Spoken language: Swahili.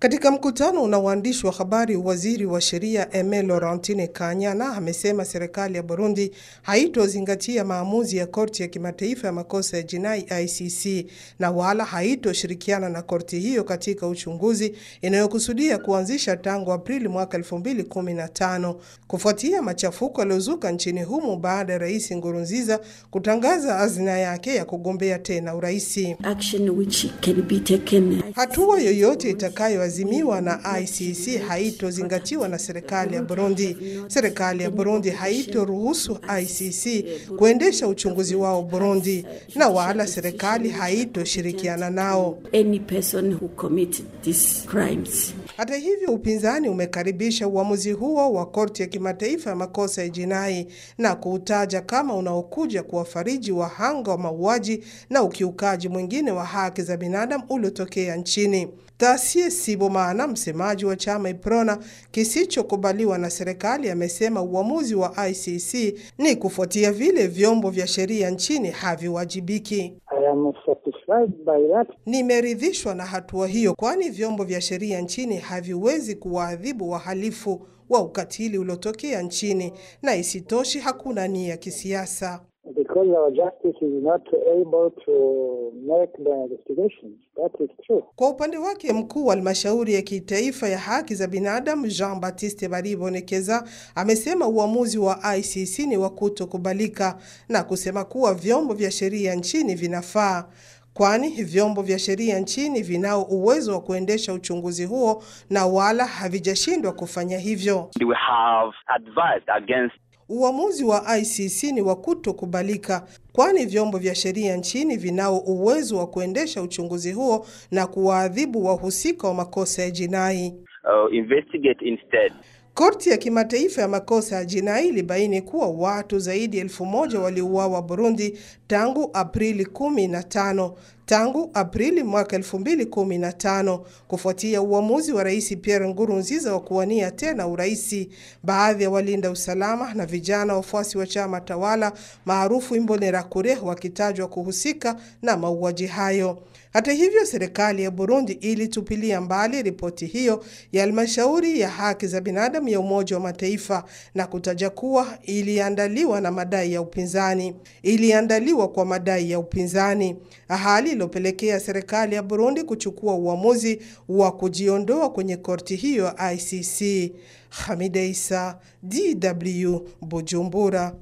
Katika mkutano na waandishi wa habari, waziri wa sheria Aime Laurentine Kanyana amesema serikali ya Burundi haitozingatia maamuzi ya korti ya kimataifa ya makosa ya jinai ICC na wala haitoshirikiana na korti hiyo katika uchunguzi inayokusudia kuanzisha tangu Aprili mwaka 2015 kufuatia machafuko yaliyozuka nchini humo baada ya Rais ngurunziza kutangaza azina yake ya kugombea tena uraisi. Hatua yoyote itakayo iliyoazimiwa na ICC haitozingatiwa na serikali ya Burundi. Serikali ya Burundi haitoruhusu ICC kuendesha uchunguzi wao Burundi, na wala serikali haitoshirikiana nao. Hata hivyo, upinzani umekaribisha uamuzi huo wa korti ya kimataifa ya makosa ya jinai na kuutaja kama unaokuja kuwafariji wahanga wa mauaji na ukiukaji mwingine wa haki za binadamu uliotokea nchini. Taasisi maana msemaji wa chama Iprona kisichokubaliwa na serikali, amesema uamuzi wa ICC ni kufuatia vile vyombo vya sheria nchini haviwajibiki. Nimeridhishwa na hatua hiyo, kwani vyombo vya sheria nchini haviwezi kuwaadhibu wahalifu wa ukatili uliotokea nchini, na isitoshi hakuna nia ya kisiasa. Because our justice is not able to kwa upande wake mkuu wa halmashauri ya kitaifa ya haki za binadamu Jean Baptiste Baribonekeza amesema uamuzi wa ICC ni wa kutokubalika na kusema kuwa vyombo vya sheria nchini vinafaa kwani vyombo vya sheria nchini vinao uwezo wa kuendesha uchunguzi huo na wala havijashindwa kufanya hivyo. We have advised against Uamuzi wa ICC ni wa kutokubalika, kwani vyombo vya sheria nchini vinao uwezo wa kuendesha uchunguzi huo na kuwaadhibu wahusika wa makosa ya jinai. Uh, investigate instead. Korti ya kimataifa ya makosa ya jinai ilibaini kuwa watu zaidi ya elfu moja waliuawa Burundi tangu Aprili kumi na tano tangu Aprili mwaka 2015 kufuatia uamuzi wa Rais Pierre Nkurunziza wa kuwania tena uraisi. Baadhi ya walinda usalama na vijana wafuasi wa chama tawala maarufu Imbonerakure wakitajwa kuhusika na mauaji hayo. Hata hivyo, serikali ya Burundi ilitupilia mbali ripoti hiyo ya halmashauri ya haki za binadamu ya Umoja wa Mataifa na kutaja kuwa iliandaliwa na madai ya upinzani, iliandaliwa kwa madai ya upinzani ahali lililopelekea serikali ya Burundi kuchukua uamuzi wa kujiondoa kwenye korti hiyo ICC. Hamida Isa, DW, Bujumbura.